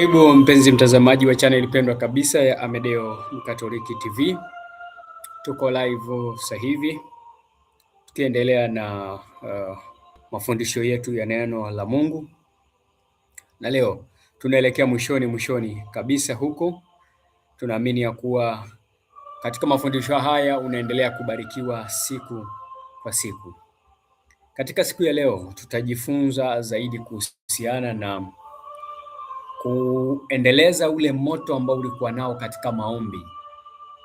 Karibu mpenzi mtazamaji wa channel pendwa kabisa ya Amedeo Mkatoliki TV. Tuko live sasa hivi tukiendelea na uh, mafundisho yetu ya neno la Mungu, na leo tunaelekea mwishoni mwishoni kabisa huko. Tunaamini ya kuwa katika mafundisho haya unaendelea kubarikiwa siku kwa siku. Katika siku ya leo tutajifunza zaidi kuhusiana na kuendeleza ule moto ambao ulikuwa nao katika maombi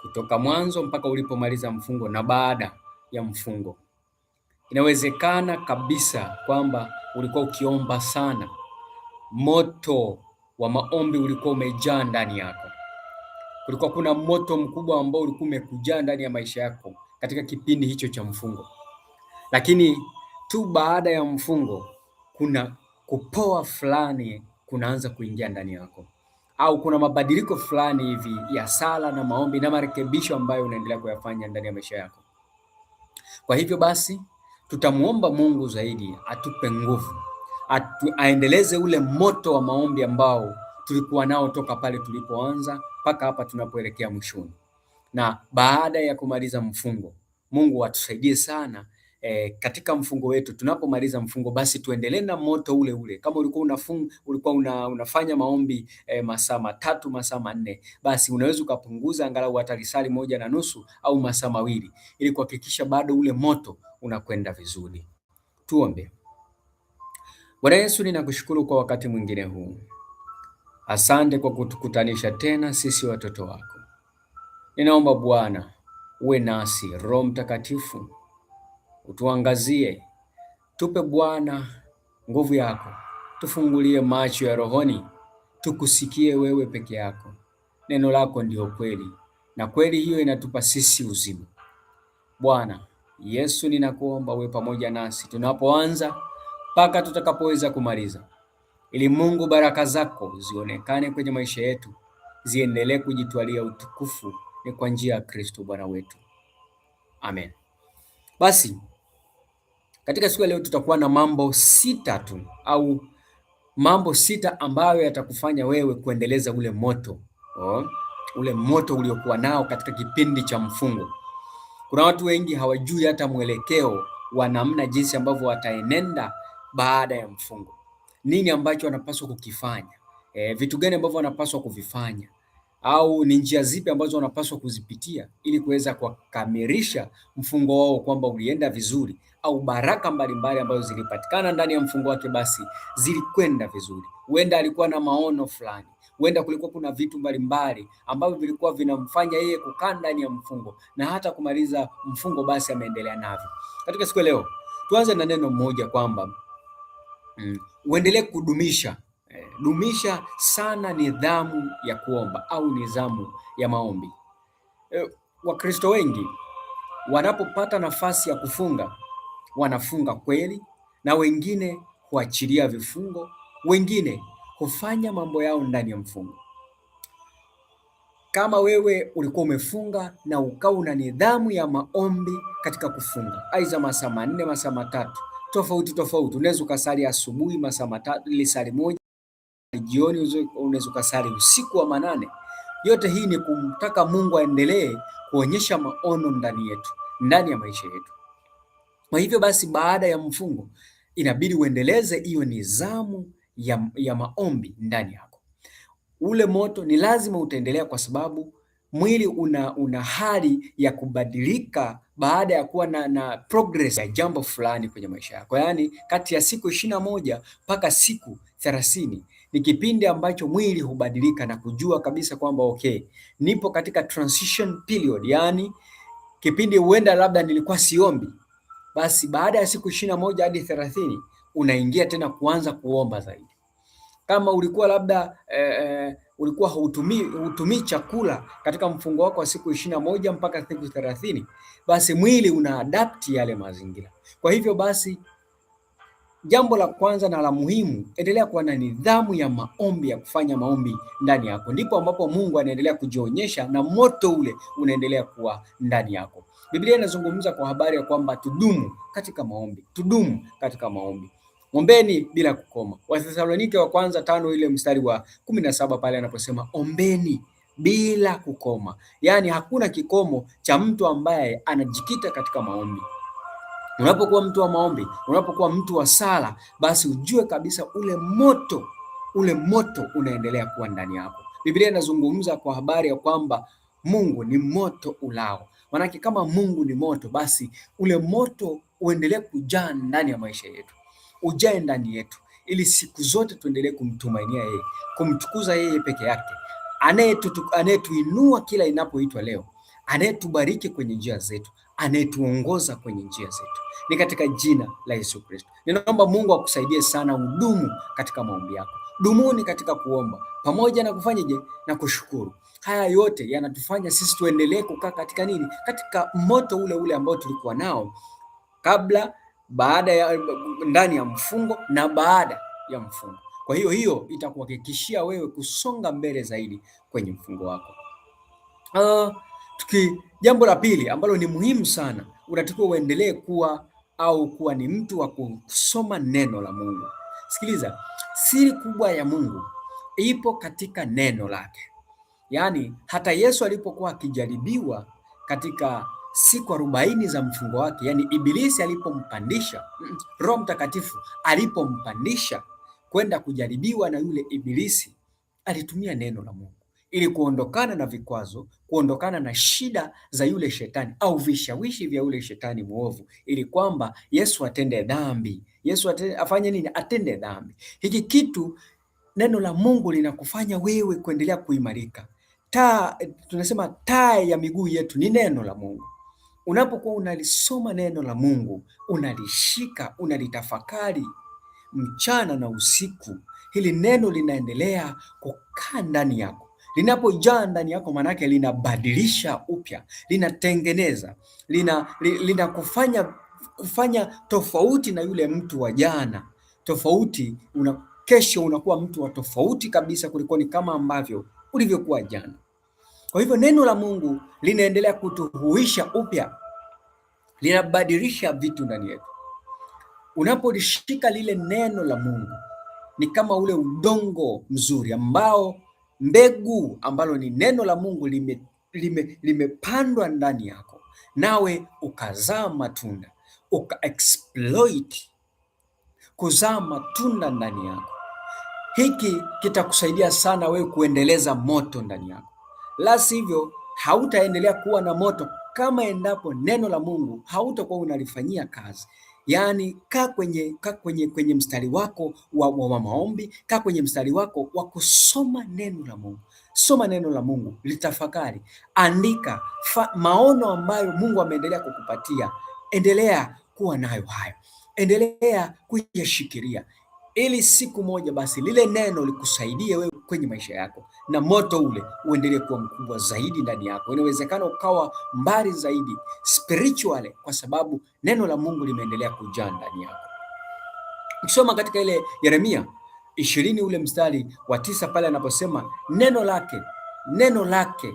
kutoka mwanzo mpaka ulipomaliza mfungo na baada ya mfungo. Inawezekana kabisa kwamba ulikuwa ukiomba sana, moto wa maombi ulikuwa umejaa ndani yako, kulikuwa kuna moto mkubwa ambao ulikuwa umekujaa ndani ya maisha yako katika kipindi hicho cha mfungo, lakini tu baada ya mfungo kuna kupoa fulani unaanza kuingia ndani yako, au kuna mabadiliko fulani hivi ya sala na maombi na marekebisho ambayo unaendelea kuyafanya ndani ya maisha yako. Kwa hivyo basi tutamwomba Mungu zaidi atupe nguvu atu, aendeleze ule moto wa maombi ambao tulikuwa nao toka pale tulipoanza mpaka hapa tunapoelekea mwishoni. Na baada ya kumaliza mfungo, Mungu atusaidie sana eh, katika mfungo wetu tunapomaliza mfungo basi tuendelee na moto ule ule. Kama ulikuwa unafung, ulikuwa una, unafanya maombi eh, masaa matatu masaa manne, basi unaweza ukapunguza angalau hata risali moja na nusu au masaa mawili ili kuhakikisha bado ule moto unakwenda vizuri. Tuombe. Bwana Yesu, ninakushukuru kwa wakati mwingine huu. Asante kwa kutukutanisha tena sisi watoto wako. Ninaomba Bwana uwe nasi, Roho Mtakatifu utuangazie, tupe Bwana nguvu yako, tufungulie macho ya rohoni, tukusikie wewe peke yako. Neno lako ndio kweli, na kweli hiyo inatupa sisi uzima. Bwana Yesu, ninakuomba uwe pamoja nasi tunapoanza mpaka tutakapoweza kumaliza, ili Mungu baraka zako zionekane kwenye maisha yetu, ziendelee kujitwalia utukufu, ni kwa njia ya Kristo Bwana wetu, amen. Basi katika siku ya leo tutakuwa na mambo sita tu au mambo sita ambayo yatakufanya wewe kuendeleza ule moto oh, ule moto uliokuwa nao katika kipindi cha mfungo. Kuna watu wengi hawajui hata mwelekeo wa namna jinsi ambavyo wataenenda baada ya mfungo, nini ambacho wanapaswa kukifanya, e, vitu gani ambavyo wanapaswa kuvifanya au ni njia zipi ambazo wanapaswa kuzipitia ili kuweza kukamilisha mfungo wao kwamba ulienda vizuri au baraka mbalimbali ambazo zilipatikana ndani ya mfungo wake, basi zilikwenda vizuri. Huenda alikuwa na maono fulani, huenda kulikuwa kuna vitu mbalimbali ambavyo vilikuwa vinamfanya yeye kukaa ndani ya mfungo na hata kumaliza mfungo, basi ameendelea navyo. Katika siku ya leo, tuanze na neno moja kwamba mm, uendelee kudumisha eh, dumisha sana nidhamu ya kuomba au nidhamu ya maombi eh, Wakristo wengi wanapopata nafasi ya kufunga wanafunga kweli, na wengine huachilia vifungo, wengine hufanya mambo yao ndani ya mfungo. Kama wewe ulikuwa umefunga na ukawa una nidhamu ya maombi katika kufunga, aidha masaa manne, masaa matatu tofauti tofauti, unaweza ukasali asubuhi masaa matatu ili sali moja, jioni unaweza ukasali usiku wa manane. Yote hii ni kumtaka Mungu aendelee kuonyesha maono ndani yetu, ndani ya maisha yetu. Kwa hivyo basi, baada ya mfungo inabidi uendeleze hiyo nidhamu ya, ya maombi ndani yako. Ule moto ni lazima utaendelea, kwa sababu mwili una, una hali ya kubadilika baada ya kuwa na, na progress ya jambo fulani kwenye maisha yako, yaani kati ya siku ishirini na moja mpaka siku thelathini ni kipindi ambacho mwili hubadilika na kujua kabisa kwamba okay, nipo katika transition period, yaani kipindi huenda labda nilikuwa siombi basi baada ya siku ishirini na moja hadi thelathini unaingia tena kuanza kuomba zaidi. Kama ulikuwa labda eh, ulikuwa hutumii hutumii chakula katika mfungo wako wa siku ishirini na moja mpaka siku thelathini basi mwili una adapti yale mazingira. Kwa hivyo basi, jambo la kwanza na la muhimu, endelea kuwa na nidhamu ya maombi ya kufanya maombi ndani yako, ndipo ambapo Mungu anaendelea kujionyesha na moto ule unaendelea kuwa ndani yako. Biblia inazungumza kwa habari ya kwamba tudumu katika maombi, tudumu katika maombi. Ombeni bila kukoma. Wathesalonike wa kwanza tano ile mstari wa kumi na saba pale anaposema ombeni bila kukoma, yaani hakuna kikomo cha mtu ambaye anajikita katika maombi. Unapokuwa mtu wa maombi, unapokuwa mtu wa sala, basi ujue kabisa ule moto, ule moto unaendelea kuwa ndani yako. Biblia inazungumza kwa habari ya kwamba Mungu ni moto ulao manake kama Mungu ni moto, basi ule moto uendelee kujaa ndani ya maisha yetu, ujae ndani yetu, ili siku zote tuendelee kumtumainia yeye, kumtukuza yeye peke yake, anayetuinua kila inapoitwa leo, anayetubariki kwenye njia zetu, anayetuongoza kwenye njia zetu, ni katika jina la Yesu Kristo. Ninaomba Mungu akusaidie sana, udumu katika maombi yako, dumuni katika kuomba pamoja na kufanyaje na kushukuru. Haya yote yanatufanya sisi tuendelee kukaa katika nini? Katika moto ule ule ambao tulikuwa nao kabla, baada ya, ndani ya mfungo na baada ya mfungo. Kwa hiyo hiyo itakuhakikishia wewe kusonga mbele zaidi kwenye mfungo wako. Uh, tuki jambo la pili ambalo ni muhimu sana, unatakiwa uendelee kuwa au kuwa ni mtu wa kusoma neno la Mungu. Sikiliza, siri kubwa ya Mungu ipo katika neno lake. Yaani hata Yesu alipokuwa akijaribiwa katika siku arobaini za mfungo wake, yaani Ibilisi alipompandisha, mm, Roho Mtakatifu alipompandisha kwenda kujaribiwa na yule Ibilisi, alitumia neno la Mungu ili kuondokana na vikwazo, kuondokana na shida za yule shetani au vishawishi vya yule shetani mwovu, ili kwamba Yesu atende dhambi. Yesu atende, afanye nini? Atende dhambi. Hiki kitu neno la Mungu linakufanya wewe kuendelea kuimarika taa, tunasema taa ya miguu yetu ni neno la Mungu. Unapokuwa unalisoma neno la Mungu, unalishika, unalitafakari mchana na usiku, hili neno linaendelea kukaa ndani yako. Linapojaa ndani yako, maanake linabadilisha upya, linatengeneza, lina linakufanya kufanya tofauti na yule mtu wa jana, tofauti una, kesho unakuwa mtu wa tofauti kabisa kulikoni kama ambavyo ulivyokuwa jana. Kwa hivyo neno la Mungu linaendelea kutuhuisha upya, linabadilisha vitu ndani yetu. Unapolishika lile neno la Mungu ni kama ule udongo mzuri ambao mbegu ambalo ni neno la Mungu lime, lime, limepandwa ndani yako, nawe ukazaa matunda, uka exploit kuzaa matunda ndani yako. Hiki kitakusaidia sana wewe kuendeleza moto ndani yako la sivyo hautaendelea kuwa na moto kama endapo neno la Mungu hautakuwa unalifanyia kazi. Yaani, ka kwenye, ka kwenye, kwenye mstari wako wa, wa, wa maombi, ka kwenye mstari wako wa kusoma neno la Mungu. Soma neno la Mungu, litafakari, andika fa, maono ambayo Mungu ameendelea kukupatia. Endelea kuwa nayo hayo, endelea kuyashikilia ili siku moja basi lile neno likusaidie wewe kwenye maisha yako na moto ule uendelee kuwa mkubwa zaidi ndani yako. Inawezekana ukawa mbali zaidi spiritually, kwa sababu neno la Mungu limeendelea kujaa ndani yako. Ukisoma katika ile Yeremia ishirini ule mstari wa tisa pale anaposema neno lake neno lake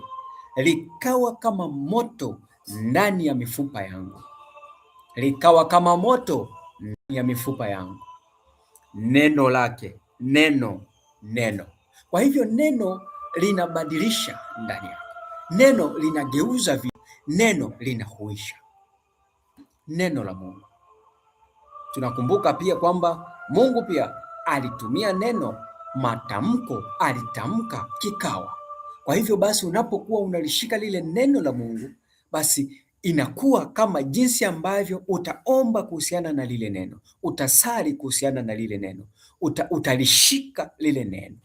likawa kama moto ndani ya mifupa yangu, likawa kama moto ndani ya mifupa yangu neno lake, neno neno. Kwa hivyo neno linabadilisha ndani yako, neno linageuza vitu, neno linahuisha, neno la Mungu. Tunakumbuka pia kwamba Mungu pia alitumia neno matamko, alitamka kikawa. Kwa hivyo basi, unapokuwa unalishika lile neno la Mungu, basi inakuwa kama jinsi ambavyo utaomba kuhusiana na lile neno, utasali kuhusiana na lile neno, uta, utalishika lile neno.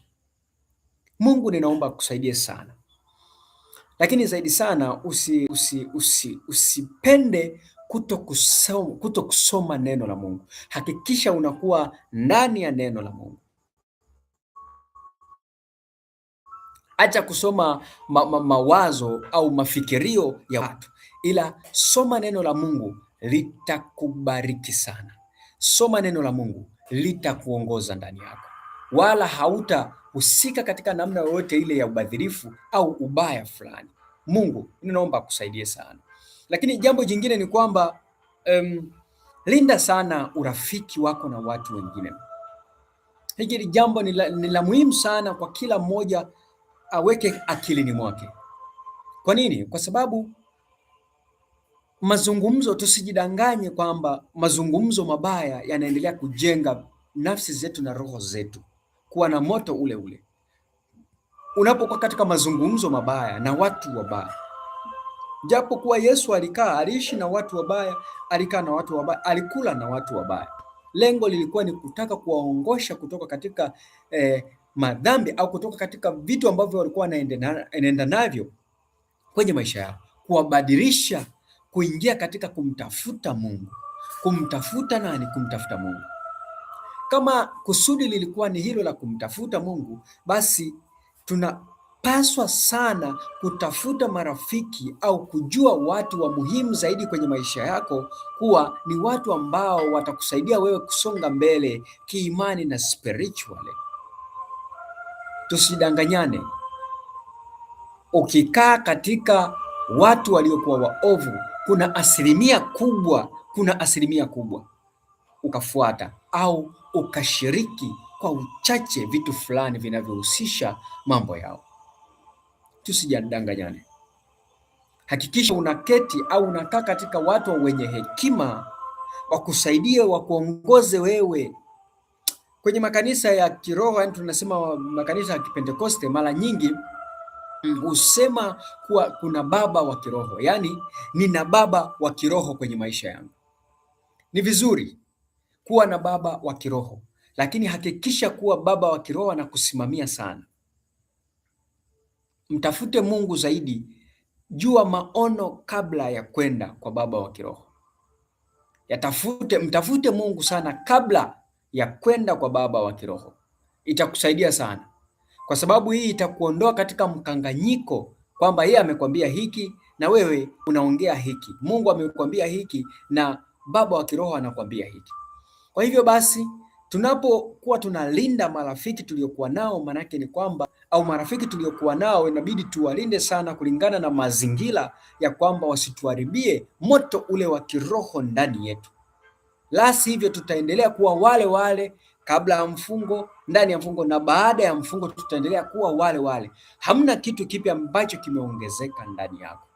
Mungu ninaomba kusaidie sana, lakini zaidi sana usi, usi, usi, usipende kuto kusoma, kuto kusoma neno la Mungu. Hakikisha unakuwa ndani ya neno la Mungu. Acha kusoma ma, ma, mawazo au mafikirio ya watu ila soma neno la Mungu litakubariki sana. Soma neno la Mungu litakuongoza ndani yako, wala hautahusika katika namna yoyote ile ya ubadhirifu au ubaya fulani. Mungu, ninaomba akusaidie sana. Lakini jambo jingine ni kwamba um, linda sana urafiki wako na watu wengine. Hili jambo ni la, ni la muhimu sana kwa kila mmoja aweke akilini mwake. Kwa nini? Kwa sababu mazungumzo, tusijidanganye kwamba mazungumzo mabaya yanaendelea kujenga nafsi zetu na roho zetu kuwa na moto ule ule. Unapokuwa katika mazungumzo mabaya na watu wabaya, japo kuwa Yesu alikaa, aliishi na watu wabaya, alikaa na watu wabaya, alikula na watu wabaya. Lengo lilikuwa ni kutaka kuwaongosha kutoka katika eh, madhambi au kutoka katika vitu ambavyo walikuwa wanaenda navyo kwenye maisha yao, kuwabadilisha kuingia katika kumtafuta Mungu. Kumtafuta nani? Kumtafuta Mungu. Kama kusudi lilikuwa ni hilo la kumtafuta Mungu, basi tunapaswa sana kutafuta marafiki au kujua watu wa muhimu zaidi kwenye maisha yako kuwa ni watu ambao watakusaidia wewe kusonga mbele kiimani na spiritually. Tusidanganyane, ukikaa katika watu waliokuwa waovu kuna asilimia kubwa, kuna asilimia kubwa ukafuata au ukashiriki kwa uchache vitu fulani vinavyohusisha mambo yao. Tusijadanganyane. Hakikisha unaketi au unakaa katika watu wenye hekima wakusaidie, wakuongoze wewe kwenye makanisa ya kiroho, yani tunasema makanisa ya Kipentekoste mara nyingi husema kuwa kuna baba wa kiroho, yaani nina baba wa kiroho kwenye maisha yangu. Ni vizuri kuwa na baba wa kiroho, lakini hakikisha kuwa baba wa kiroho anakusimamia sana. Mtafute Mungu zaidi, jua maono kabla ya kwenda kwa baba wa kiroho. Yatafute, mtafute Mungu sana kabla ya kwenda kwa baba wa kiroho, itakusaidia sana kwa sababu hii itakuondoa katika mkanganyiko kwamba yeye amekwambia hiki na wewe unaongea hiki, Mungu amekwambia hiki na baba wa kiroho anakwambia hiki. Kwa hivyo basi tunapokuwa tunalinda marafiki tuliokuwa nao, maanake ni kwamba au marafiki tuliokuwa nao inabidi tuwalinde sana, kulingana na mazingira ya kwamba wasituharibie moto ule wa kiroho ndani yetu, la sivyo tutaendelea kuwa wale wale kabla ya mfungo, ndani ya mfungo na baada ya mfungo, tutaendelea kuwa wale wale. Hamna kitu kipya ambacho kimeongezeka ndani yako.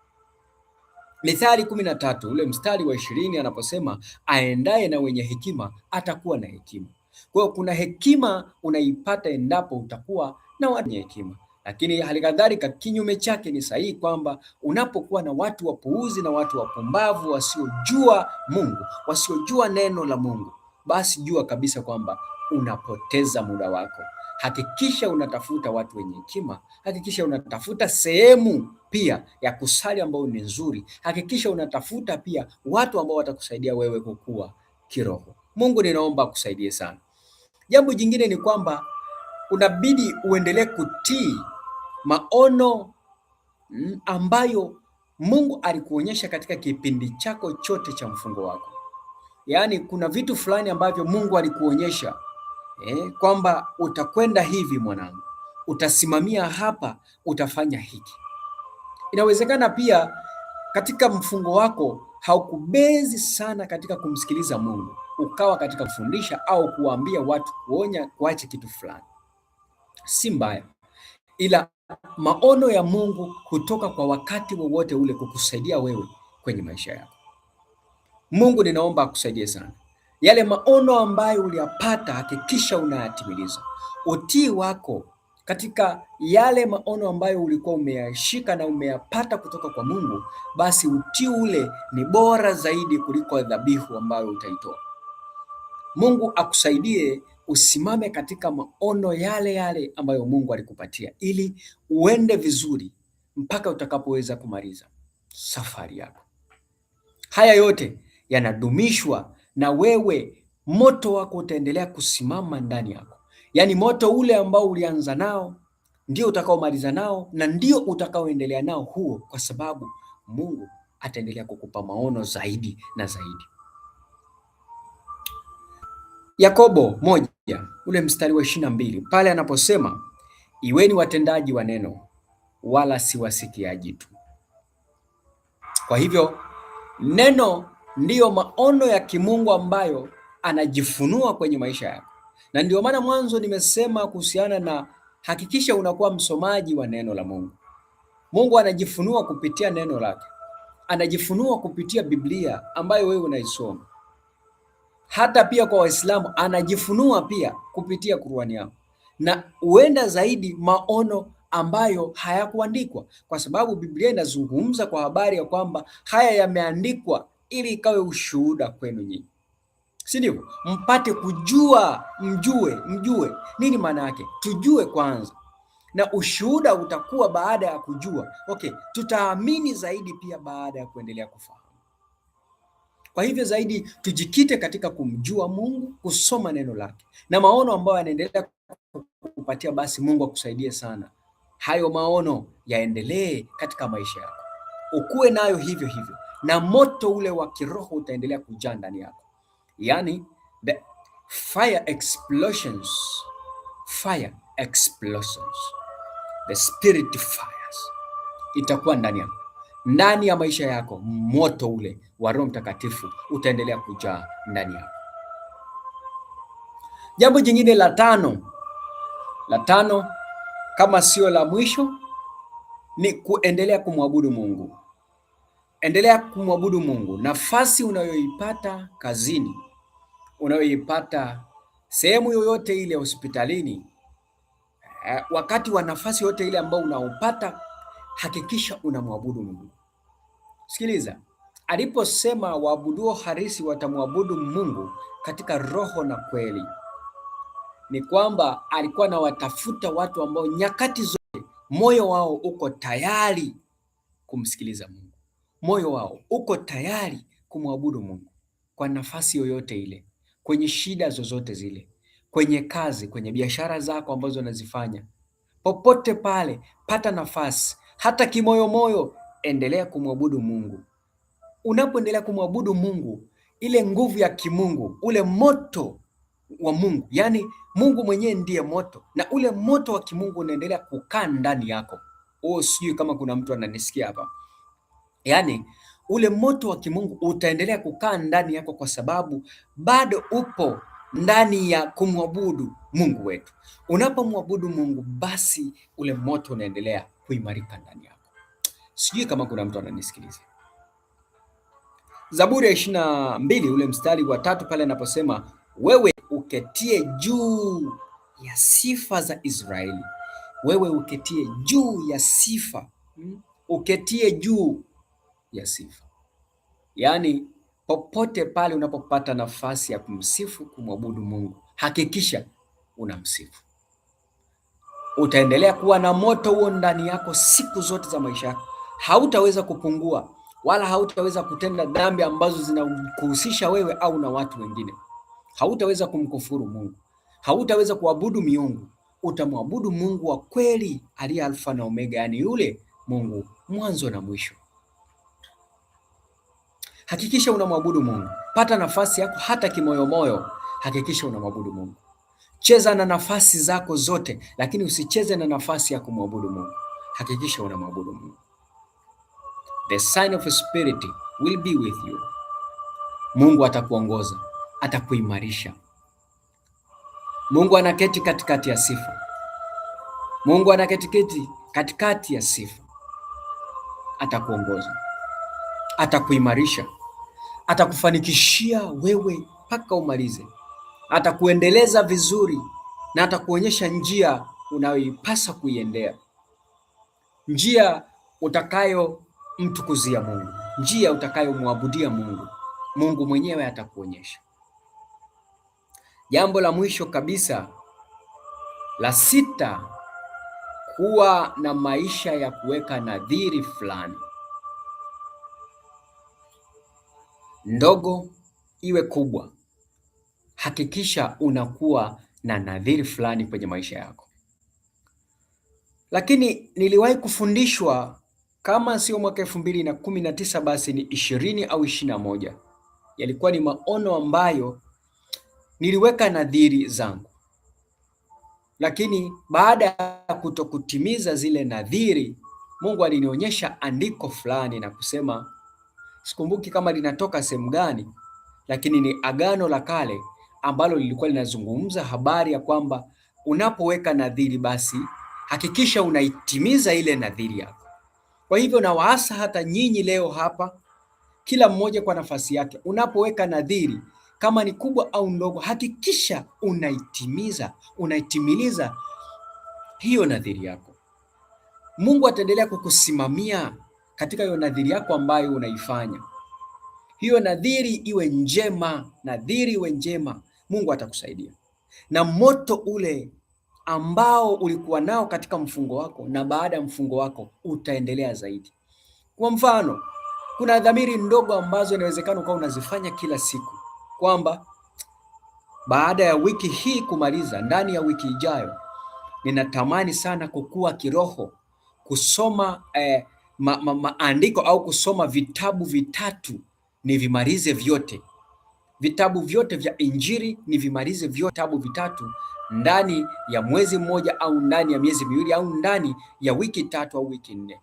Mithali kumi na tatu ule mstari wa ishirini anaposema aendaye na wenye hekima atakuwa na hekima. Kwa hiyo kuna hekima unaipata endapo utakuwa na wenye hekima lakini hali kadhalika kinyume chake ni sahihi kwamba unapokuwa na watu wapuuzi na watu wapumbavu wasiojua Mungu, wasiojua neno la Mungu, basi jua kabisa kwamba unapoteza muda wako. Hakikisha unatafuta watu wenye hekima, hakikisha unatafuta sehemu pia ya kusali ambayo ni nzuri, hakikisha unatafuta pia watu ambao watakusaidia wewe kukua kiroho. Mungu, ninaomba akusaidie sana. Jambo jingine ni kwamba unabidi uendelee kutii maono ambayo Mungu alikuonyesha katika kipindi chako chote cha mfungo wako. Yaani, kuna vitu fulani ambavyo Mungu alikuonyesha eh, kwamba utakwenda hivi mwanangu, utasimamia hapa, utafanya hiki. Inawezekana pia katika mfungo wako haukubezi sana katika kumsikiliza Mungu, ukawa katika kufundisha au kuambia watu, kuonya, kuache kitu fulani. Si mbaya, ila maono ya Mungu hutoka kwa wakati wowote ule kukusaidia wewe kwenye maisha yako. Mungu ninaomba akusaidie sana. Yale maono ambayo uliyapata hakikisha unayatimiliza. Utii wako katika yale maono ambayo ulikuwa umeyashika na umeyapata kutoka kwa Mungu, basi utii ule ni bora zaidi kuliko dhabihu ambayo utaitoa. Mungu akusaidie usimame katika maono yale yale ambayo Mungu alikupatia ili uende vizuri mpaka utakapoweza kumaliza safari yako. Haya yote yanadumishwa na wewe moto wako utaendelea kusimama ndani yako. Yaani moto ule ambao ulianza nao ndio utakaomaliza nao na ndio utakaoendelea nao huo, kwa sababu Mungu ataendelea kukupa maono zaidi na zaidi. Yakobo moja ule mstari wa ishirini na mbili pale anaposema iweni watendaji wa neno wala si wasikiaji tu. Kwa hivyo neno ndiyo maono ya kimungu ambayo anajifunua kwenye maisha yako, na ndio maana mwanzo nimesema kuhusiana na hakikisha unakuwa msomaji wa neno la Mungu. Mungu anajifunua kupitia neno lake, anajifunua kupitia Biblia ambayo wewe unaisoma. Hata pia kwa Waislamu anajifunua pia kupitia Qur'ani yao, na huenda zaidi maono ambayo hayakuandikwa, kwa sababu Biblia inazungumza kwa habari ya kwamba haya yameandikwa ili ikawe ushuhuda kwenu nyinyi, si ndio? Mpate kujua, mjue, mjue nini maana yake, tujue kwanza, na ushuhuda utakuwa baada ya kujua. Okay, tutaamini zaidi pia baada ya kuendelea kufahamu. Kwa hivyo zaidi tujikite katika kumjua Mungu, kusoma neno lake na maono ambayo yanaendelea kupatia. Basi Mungu akusaidie sana, hayo maono yaendelee katika maisha yako, ukuwe nayo hivyo hivyo na moto ule wa kiroho utaendelea kujaa ndani yako, yani the fire explosions, fire explosions, the spirit fires itakuwa ndani yako, ndani ya maisha yako. Moto ule wa Roho Mtakatifu utaendelea kujaa ndani yako. Jambo jingine la tano, la tano kama sio la mwisho, ni kuendelea kumwabudu Mungu endelea kumwabudu Mungu. Nafasi unayoipata kazini, unayoipata sehemu yoyote ile, hospitalini, eh, wakati wa nafasi yoyote ile ambao unaopata, hakikisha unamwabudu Mungu. Sikiliza aliposema waabuduo halisi watamwabudu Mungu katika roho na kweli, ni kwamba alikuwa anawatafuta watu ambao nyakati zote moyo wao uko tayari kumsikiliza Mungu moyo wao uko tayari kumwabudu Mungu kwa nafasi yoyote ile, kwenye shida zozote zile, kwenye kazi, kwenye biashara zako ambazo unazifanya, popote pale, pata nafasi, hata kimoyomoyo, endelea kumwabudu Mungu. Unapoendelea kumwabudu Mungu, ile nguvu ya kimungu, ule moto wa Mungu, yaani Mungu mwenyewe ndiye moto, na ule moto wa kimungu unaendelea kukaa ndani yako. Oh, sijui kama kuna mtu ananisikia hapa. Yaani ule moto wa kimungu utaendelea kukaa ndani yako kwa sababu bado upo ndani ya kumwabudu Mungu wetu. Unapomwabudu Mungu, basi ule moto unaendelea kuimarika ndani yako. Sijui kama kuna mtu ananisikiliza. Zaburi ya ishirini na mbili ule mstari wa tatu pale anaposema wewe uketie juu ya sifa za Israeli, wewe uketie juu ya sifa, hmm? uketie juu ya sifa. Yaani, popote pale unapopata nafasi ya kumsifu, kumwabudu Mungu, hakikisha unamsifu. Utaendelea kuwa na moto huo ndani yako siku zote za maisha yako, hautaweza kupungua wala hautaweza kutenda dhambi ambazo zinakuhusisha wewe au na watu wengine. Hautaweza kumkufuru Mungu, hautaweza kuabudu miungu. Utamwabudu Mungu wa kweli aliye Alfa na Omega, yaani yule Mungu mwanzo na mwisho. Hakikisha unamwabudu Mungu, pata nafasi yako hata kimoyomoyo, hakikisha unamwabudu Mungu. Cheza na nafasi zako zote, lakini usicheze na nafasi ya kumwabudu Mungu. Hakikisha unamwabudu Mungu. The sign of spirit will be with you. Mungu atakuongoza, atakuimarisha. Mungu anaketi katikati ya sifa. Mungu anaketi katikati ya sifa, atakuongoza, atakuimarisha atakufanikishia wewe mpaka umalize, atakuendeleza vizuri na atakuonyesha njia unayoipasa kuiendea, njia utakayomtukuzia Mungu, njia utakayomwabudia Mungu. Mungu mwenyewe atakuonyesha. Jambo la mwisho kabisa la sita, kuwa na maisha ya kuweka nadhiri fulani. ndogo iwe kubwa, hakikisha unakuwa na nadhiri fulani kwenye maisha yako. Lakini niliwahi kufundishwa kama sio mwaka elfu mbili na kumi na tisa basi ni ishirini au ishirini na moja yalikuwa ni maono ambayo niliweka nadhiri zangu, lakini baada ya kutokutimiza zile nadhiri, Mungu alinionyesha andiko fulani na kusema sikumbuki kama linatoka sehemu gani, lakini ni Agano la Kale ambalo lilikuwa linazungumza habari ya kwamba unapoweka nadhiri, basi hakikisha unaitimiza ile nadhiri yako. Kwa hivyo nawaasa hata nyinyi leo hapa, kila mmoja kwa nafasi yake, unapoweka nadhiri kama ni kubwa au ndogo, hakikisha unaitimiza, unaitimiliza hiyo nadhiri yako. Mungu ataendelea kukusimamia katika hiyo nadhiri yako ambayo unaifanya. Hiyo nadhiri iwe njema, nadhiri iwe njema, Mungu atakusaidia na moto ule ambao ulikuwa nao katika mfungo wako na baada ya mfungo wako utaendelea zaidi. Kwa mfano, kuna dhamiri ndogo ambazo inawezekana ukawa unazifanya kila siku, kwamba baada ya wiki hii kumaliza, ndani ya wiki ijayo ninatamani sana kukua kiroho, kusoma eh, ma, ma, maandiko au kusoma vitabu vitatu ni vimarize vyote, vitabu vyote vya Injili ni vimalize vyote, vitabu vitatu ndani ya mwezi mmoja au ndani ya miezi miwili au ndani ya wiki tatu au wiki nne.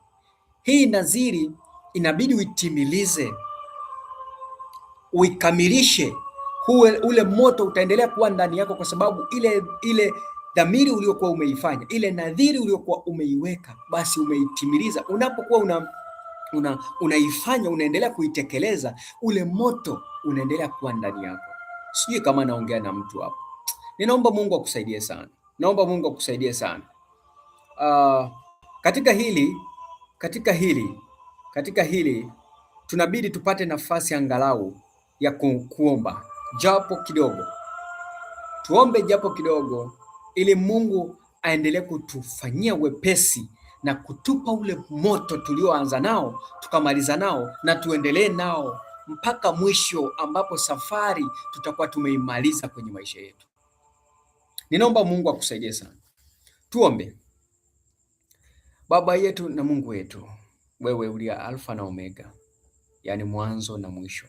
Hii naziri inabidi uitimilize, uikamilishe. Ule moto utaendelea kuwa ndani yako, kwa sababu ile ile dhamiri uliokuwa umeifanya, ile nadhiri uliokuwa umeiweka, basi umeitimiliza. Unapokuwa una una unaifanya unaendelea kuitekeleza, ule moto unaendelea kuwa ndani yako. Sijui kama naongea na mtu hapo. Ninaomba Mungu akusaidie sana, naomba Mungu akusaidie sana uh, katika hili katika hili katika hili tunabidi tupate nafasi angalau ya kuomba japo kidogo, tuombe japo kidogo ili Mungu aendelee kutufanyia wepesi na kutupa ule moto tulioanza nao tukamaliza nao na tuendelee nao mpaka mwisho ambapo safari tutakuwa tumeimaliza kwenye maisha yetu. Ninaomba Mungu akusaidie sana. Tuombe. Baba yetu na Mungu wetu, wewe ulia Alfa na Omega, yaani mwanzo na mwisho,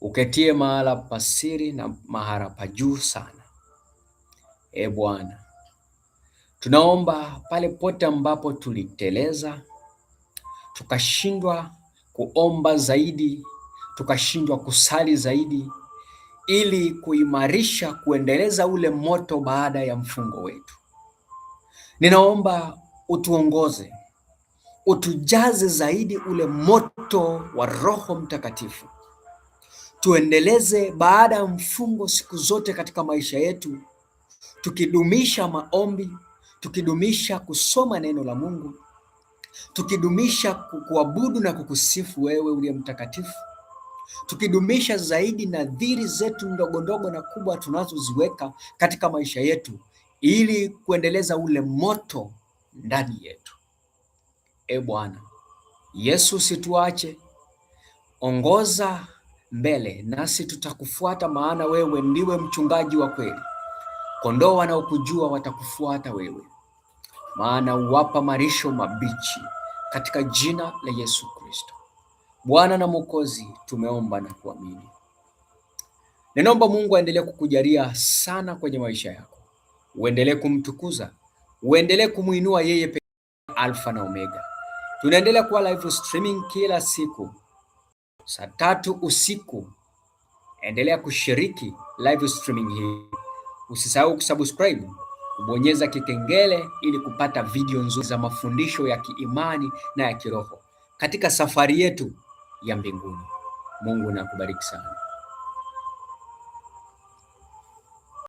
uketie mahala pasiri na mahala pa juu sana E Bwana, tunaomba pale pote ambapo tuliteleza, tukashindwa kuomba zaidi, tukashindwa kusali zaidi, ili kuimarisha, kuendeleza ule moto baada ya mfungo wetu. Ninaomba utuongoze, utujaze zaidi ule moto wa Roho Mtakatifu, tuendeleze baada ya mfungo siku zote katika maisha yetu tukidumisha maombi, tukidumisha kusoma neno la Mungu, tukidumisha kuabudu na kukusifu wewe uliye mtakatifu, tukidumisha zaidi nadhiri zetu ndogo ndogo na kubwa tunazoziweka katika maisha yetu ili kuendeleza ule moto ndani yetu. E Bwana Yesu, usituache, ongoza mbele, nasi tutakufuata, maana wewe ndiwe mchungaji wa kweli. Kondoo wanaokujua watakufuata wewe, maana uwapa marisho mabichi. Katika jina la Yesu Kristo, Bwana na Mwokozi, tumeomba na kuamini. Ninaomba Mungu aendelee kukujalia sana kwenye maisha yako, uendelee kumtukuza, uendelee kumwinua yeye pekee, Alfa na Omega. Tunaendelea kuwa live streaming kila siku saa tatu usiku. Endelea kushiriki live streaming hii. Usisahau kusubscribe, kubonyeza kikengele ili kupata video nzuri za mafundisho ya kiimani na ya kiroho katika safari yetu ya mbinguni. Mungu nakubariki sana.